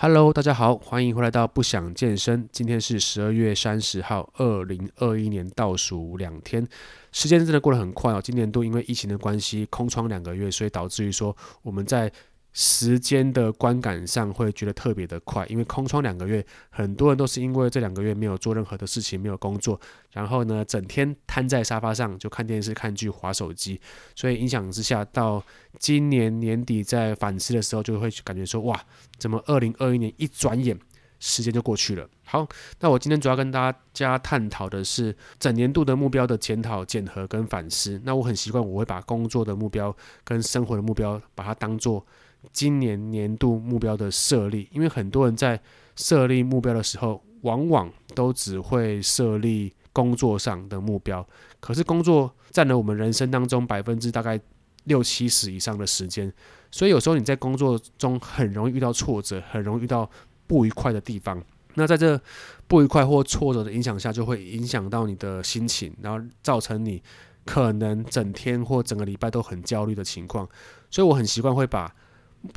Hello，大家好，歡迎回來到不想健身。今天是十二月三十號，二零二一年倒數兩天，時間真的過得很快哦。今年度因為疫情的關係空窗兩個月，所以導致於說我們在，時間的觀感上會覺得特別的快，因為空窗兩個月，很多人都是因為這兩個月沒有做任何的事情，沒有工作，然後呢，整天癱在沙發上就看電視、看劇、滑手機，所以影響之下，到今年年底在反思的時候，就會去感覺說，哇，怎麼二零二一年一轉眼時間就過去了？好，那我今天主要跟大家探討的是整年度的目標的檢討、檢核跟反思。那我很習慣我會把工作的目標跟生活的目標把它當做。今年年度目標的設立，因為很多人在設立目標的時候，往往都只會設立工作上的目標。可是工作佔了我們人生當中百分之大概六七十以上的時間，所以有時候你在工作中很容易遇到挫折，很容易遇到不愉快的地方。那在這不愉快或挫折的影響下，就會影響到你的心情，然後造成你可能整天或整個禮拜都很焦慮的情況。所以我很習慣會把。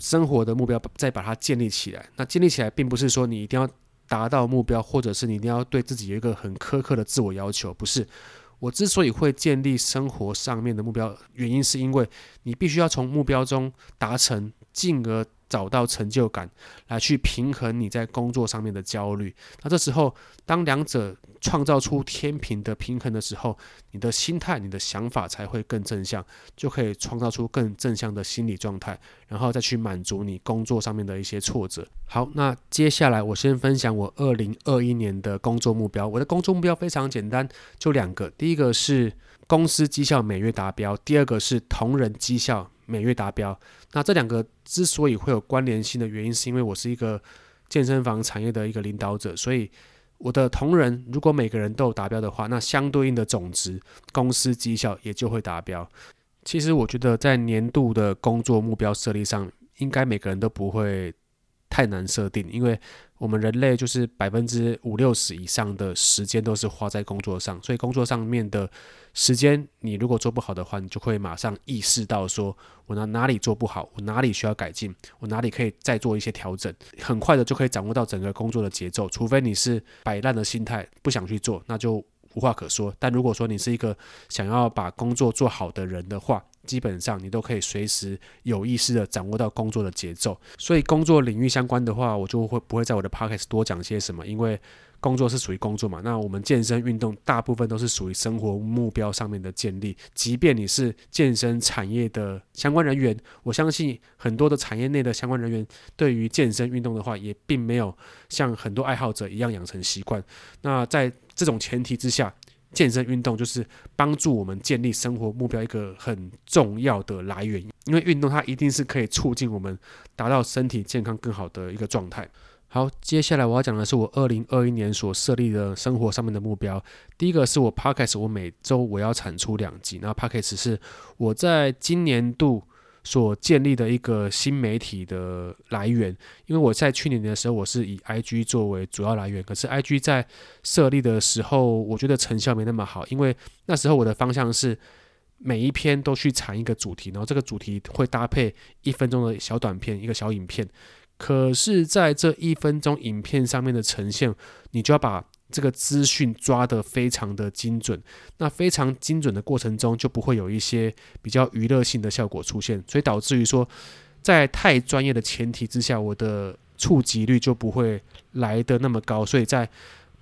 生活的目標，再把它建立起來。那建立起來，並不是說你一定要達到目標，或者是你一定要對自己有一個很苛刻的自我要求，不是。我之所以會建立生活上面的目標，原因是因為你必須要從目標中達成，進而。找到成就感，來去平衡你在工作上面的焦慮。那這時候，當兩者創造出天平的平衡的時候，你的心態、你的想法才會更正向，就可以創造出更正向的心理狀態，然後再去滿足你工作上面的一些挫折。好，那接下來我先分享我二零二一年的工作目標。我的工作目標非常簡單，就兩個：第一個是公司績效每月達標，第二個是同仁績效每月達標。那這兩個之所以會有關聯性的原因，是因為我是一個健身房產業的一個領導者，所以我的同仁如果每個人都達標的話，那相對應的總值、公司績效也就會達標。其實我覺得在年度的工作目標設立上，應該每個人都不會。太難設定，因為我們人類就是百分之五六十以上的時間都是花在工作上，所以工作上面的時間，你如果做不好的話，你就會馬上意識到說，我哪哪裡做不好，我哪裡需要改進，我哪裡可以再做一些調整，很快的就可以掌握到整個工作的節奏。除非你是擺爛的心態，不想去做，那就無話可說。但如果說你是一個想要把工作做好的人的話，基本上你都可以隨時有意識地掌握到工作的節奏，所以工作領域相關的話，我就會不會在我的 podcast 多講些什麼，因為工作是屬於工作嘛。那我們健身運動大部分都是屬於生活目標上面的建立，即便你是健身產業的相關人員，我相信很多的產業內的相關人員對於健身運動的話，也並沒有像很多愛好者一樣養成習慣。那在這種前提之下，健身運動就是幫助我們建立生活目標一個很重要的來源，因為運動它一定是可以促進我們達到身體健康更好的一個狀態。好，接下來我要講的是我二零二一年所設立的生活上面的目標。第一個是我 Podcast 我每周我要產出兩集。那 Podcast 是我在今年度。所建立的一個新媒體的來源，因為我在去年的時候，我是以 IG 作為主要來源，可是 IG 在設立的時候，我覺得成效沒那麼好，因為那時候我的方向是每一篇都去談一個主題，然後這個主題會搭配一分鐘的小短片，一個小影片，可是，在這一分鐘影片上面的呈現，你就要把。這個資訊抓得非常的精準，那非常精準的過程中，就不會有一些比較娛樂性的效果出現，所以導致於說，在太專業的前提之下，我的觸及率就不會來得那麼高，所以在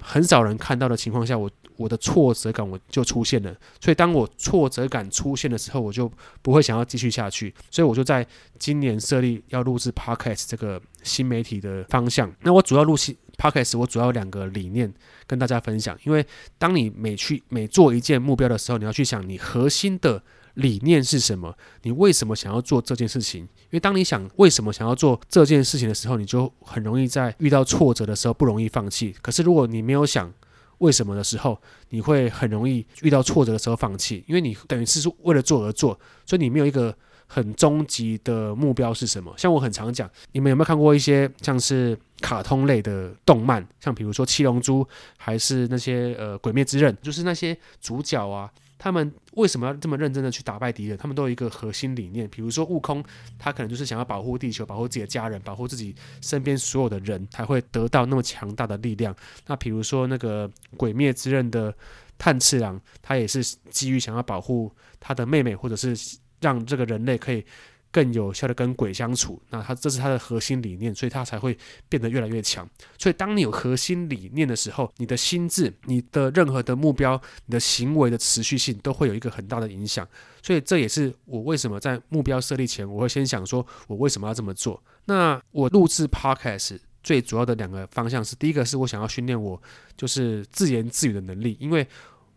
很少人看到的情況下，我我的挫折感我就出現了，所以當我挫折感出現的時候，我就不會想要繼續下去，所以我就在今年設立要錄製 podcast 這個新媒體的方向，那我主要錄新。Podcast，我主要有兩個理念跟大家分享。因為當你每去每做一件目標的時候，你要去想你核心的理念是什麼？你為什麼想要做這件事情？因為當你想為什麼想要做這件事情的時候，你就很容易在遇到挫折的時候不容易放棄。可是如果你沒有想為什麼的時候，你會很容易遇到挫折的時候放棄，因為你等於是為了做而做，所以你沒有一個。很終極的目標是什麼？像我很常講，你們有沒有看過一些像是卡通類的動漫？像比如說《七龍珠》，還是那些呃《鬼滅之刃》，就是那些主角啊，他們為什麼要這麼認真的去打敗敵人？他們都有一個核心理念。比如說悟空，他可能就是想要保護地球，保護自己的家人，保護自己身邊所有的人，才會得到那麼強大的力量。那比如說那個《鬼滅之刃》的炭治郎，他也是基於想要保護他的妹妹，或者是。讓這個人類可以更有效的跟鬼相處，那他這是他的核心理念，所以他才會變得越來越強。所以當你有核心理念的時候，你的心智、你的任何的目標、你的行為的持續性都會有一個很大的影響。所以這也是我為什麼在目標設立前，我會先想說我為什麼要這麼做。那我錄制 Podcast 最主要的兩個方向是，第一個是我想要訓練我就是自言自語的能力，因為……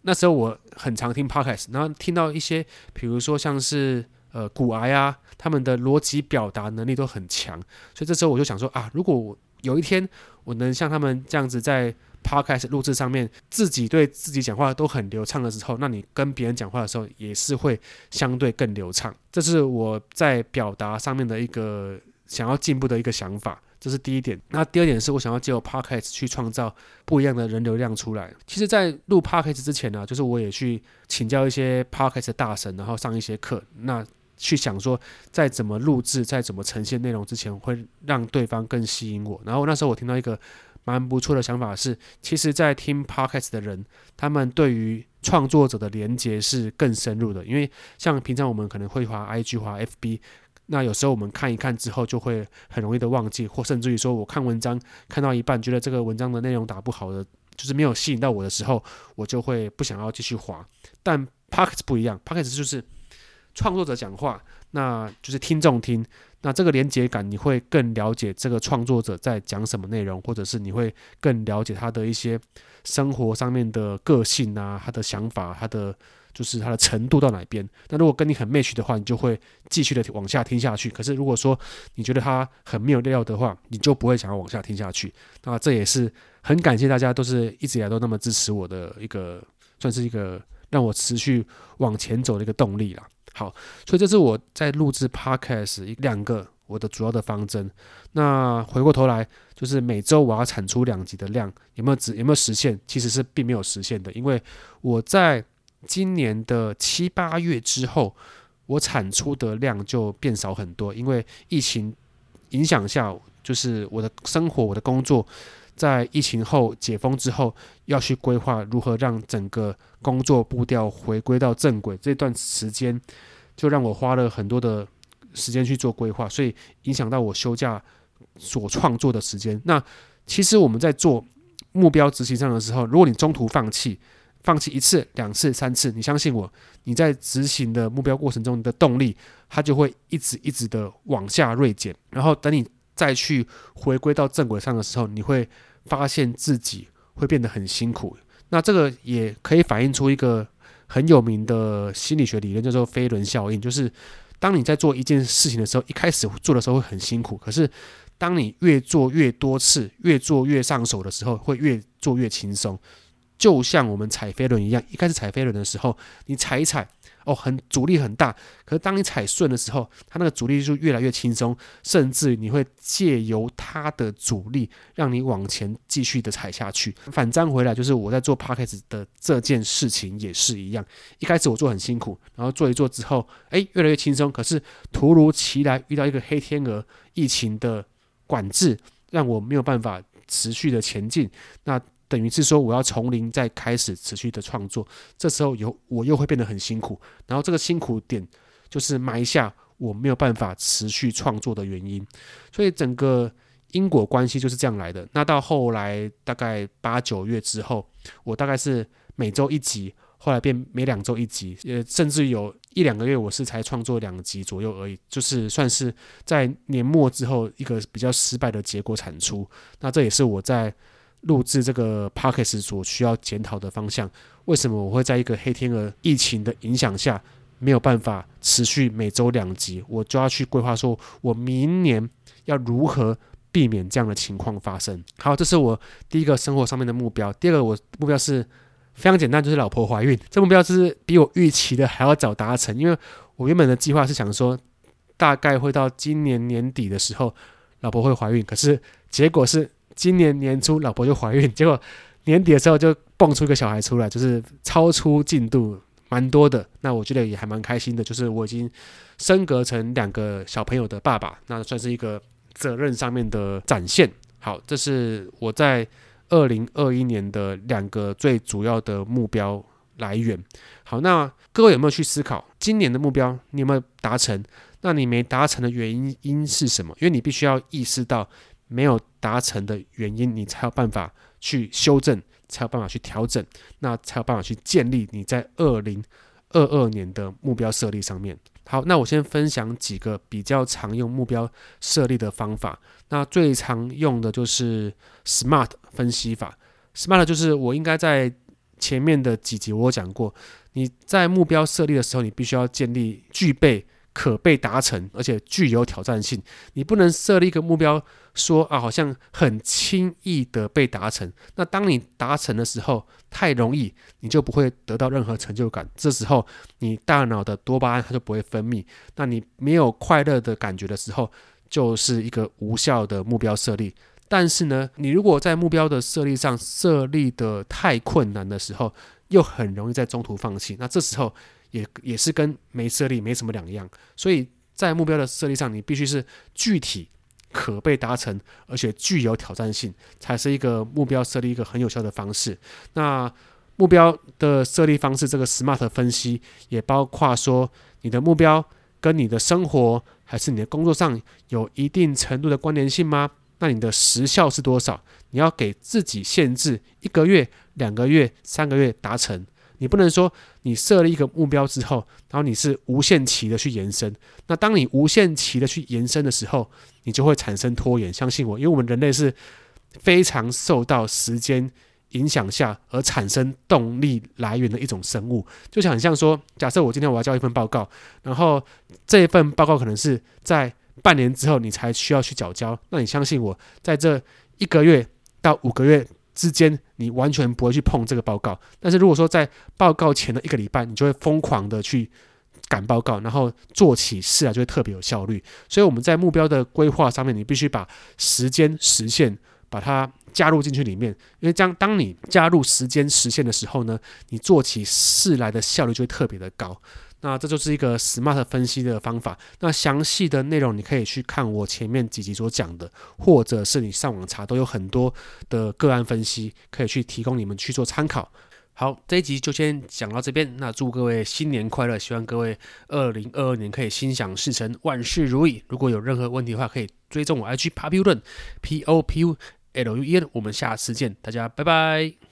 那時候我很常聽 podcast，然後聽到一些，比如說像是呃股癌啊，他們的邏輯表達能力都很強，所以這時候我就想說啊，如果我有一天我能像他們這樣子在 podcast 錄製上面自己對自己講話都很流暢的時候，那你跟別人講話的時候也是會相對更流暢，這是我在表達上面的一個想要進步的一個想法。這是第一點。那第二點是我想要借由 podcast 去創造不一樣的人流量出來。其實，在錄 podcast 之前呢、啊，就是我也去請教一些 podcast 的大神，然後上一些課，那去想說在怎麼錄製、在怎麼呈現內容之前，會讓對方更吸引我。然後那時候我聽到一個蠻不錯的想法是，其實，在聽 podcast 的人，他們對於創作者的連接是更深入的，因為像平常我們可能會滑 IG、滑 FB。那有時候我們看一看之後，就會很容易的忘記，或甚至於說，我看文章看到一半，覺得這個文章的內容打不好的，就是沒有吸引到我的時候，我就會不想要繼續滑。但 podcast 不一樣，podcast 就是創作者講話，那就是聽眾聽，那這個連接感，你會更了解這個創作者在講什麼內容，或者是你會更了解他的一些生活上面的個性啊，他的想法，他的。就是它的程度到哪邊，那如果跟你很 match 的話，你就會繼續的往下聽下去。可是如果說你覺得它很沒有料的話，你就不會想要往下聽下去。那這也是很感謝大家，都是一直以來都那麼支持我的一個，算是一個讓我持續往前走的一個動力啦。好，所以這是我在錄制 podcast 兩個我的主要的方針。那回過頭來，就是每周我要產出兩集的量，有沒有有沒有實現？其實是並沒有實現的，因為我在。今年的七八月之後，我產出的量就變少很多，因為疫情影響下，就是我的生活、我的工作，在疫情後解封之後，要去規劃如何讓整個工作步調回歸到正軌，這段時間就讓我花了很多的時間去做規劃，所以影響到我休假所創作的時間。那其實我們在做目標執行上的時候，如果你中途放棄，放棄一次、兩次、三次，你相信我，你在執行的目標過程中，你的動力它就會一直一直的往下銳減。然後等你再去回歸到正軌上的時候，你會發現自己會變得很辛苦。那這個也可以反映出一個很有名的心理學理論，叫做飛輪效應。就是當你在做一件事情的時候，一開始做的時候會很辛苦，可是當你越做越多次，越做越上手的時候，會越做越輕鬆。就像我們踩飛輪一樣，一開始踩飛輪的時候，你踩一踩，哦，很阻力很大。可是當你踩順的時候，它那個阻力就越來越輕鬆，甚至你會借由它的阻力讓你往前繼續的踩下去。反粘回來，就是我在做 podcast 的這件事情也是一樣，一開始我做很辛苦，然後做一做之後，哎，越來越輕鬆。可是突如其來遇到一個黑天鵝，疫情的管制，讓我沒有辦法持續的前進。那。等於是說，我要從零再開始持續的創作，這時候有我又會變得很辛苦，然後這個辛苦點就是埋下我沒有辦法持續創作的原因，所以整個因果關係就是這樣來的。那到後來大概八九月之後，我大概是每周一集，後來變每兩周一集，呃，甚至有一兩個月我是才創作兩集左右而已，就是算是在年末之後一個比較失敗的結果產出。那這也是我在。錄製這個 podcast 所需要檢討的方向，為什麼我會在一個黑天鵝疫情的影響下沒有辦法持續每周兩集？我就要去規劃，說我明年要如何避免這樣的情況發生。好，這是我第一個生活上面的目標。第二個，我目標是非常簡單，就是老婆懷孕。這目標是比我預期的還要早達成，因為我原本的計劃是想說，大概會到今年年底的時候，老婆會懷孕。可是結果是。今年年初老婆就懷孕，結果年底的時候就蹦出一個小孩出來，就是超出進度蠻多的。那我覺得也還蠻開心的，就是我已經升格成兩個小朋友的爸爸，那算是一個責任上面的展現。好，這是我在二零二一年的兩個最主要的目標來源。好，那各位有沒有去思考今年的目標你有沒有達成？那你沒達成的原因是什麼？因為你必須要意識到。沒有達成的原因，你才有辦法去修正，才有辦法去調整，那才有辦法去建立你在二零二二年的目標設立上面。好，那我先分享幾個比較常用目標設立的方法。那最常用的就是 SMART 分析法。SMART 就是我應該在前面的幾集我有講過，你在目標設立的時候，你必須要建立具備。可被達成，而且具有挑戰性。你不能設立一個目標，說啊，好像很輕易的被達成。那當你達成的時候，太容易，你就不會得到任何成就感。這時候，你大腦的多巴胺它就不會分泌。那你沒有快樂的感覺的時候，就是一個無效的目標設立。但是呢，你如果在目標的設立上設立得太困難的時候，又很容易在中途放棄。那這時候。也也是跟沒設立沒什麼兩樣，所以在目標的設立上，你必須是具體、可被達成，而且具有挑戰性，才是一個目標設立一個很有效的方式。那目標的設立方式，這個 SMART 分析也包括說，你的目標跟你的生活還是你的工作上有一定程度的關聯性嗎？那你的時效是多少？你要給自己限制一個月、兩個月、三個月達成。你不能說你設立一個目標之後，然後你是無限期的去延伸。那當你無限期的去延伸的時候，你就會產生拖延。相信我，因為我們人類是非常受到時間影響下而產生動力來源的一種生物，就很像說，假設我今天我要交一份報告，然後這一份報告可能是在半年之後你才需要去繳交。那你相信我，在這一個月到五個月之間。你完全不會去碰這個報告，但是如果說在報告前的一個禮拜，你就會瘋狂的去趕報告，然後做起事來就會特別有效率。所以我們在目標的規劃上面，你必須把時間實現把它加入進去裡面，因為這樣當你加入時間實現的時候呢，你做起事來的效率就會特別的高。那這就是一個 smart 分析的方法。那詳細的內容你可以去看我前面幾集所講的，或者是你上網查，都有很多的個案分析可以去提供你們去做參考。好，這一集就先講到這邊。那祝各位新年快樂，希望各位二零二二年可以心想事成，萬事如意。如果有任何問題的話，可以追蹤我 IG Populuen, p o p u l u e n P O P U L U E N。我們下次見，大家拜拜。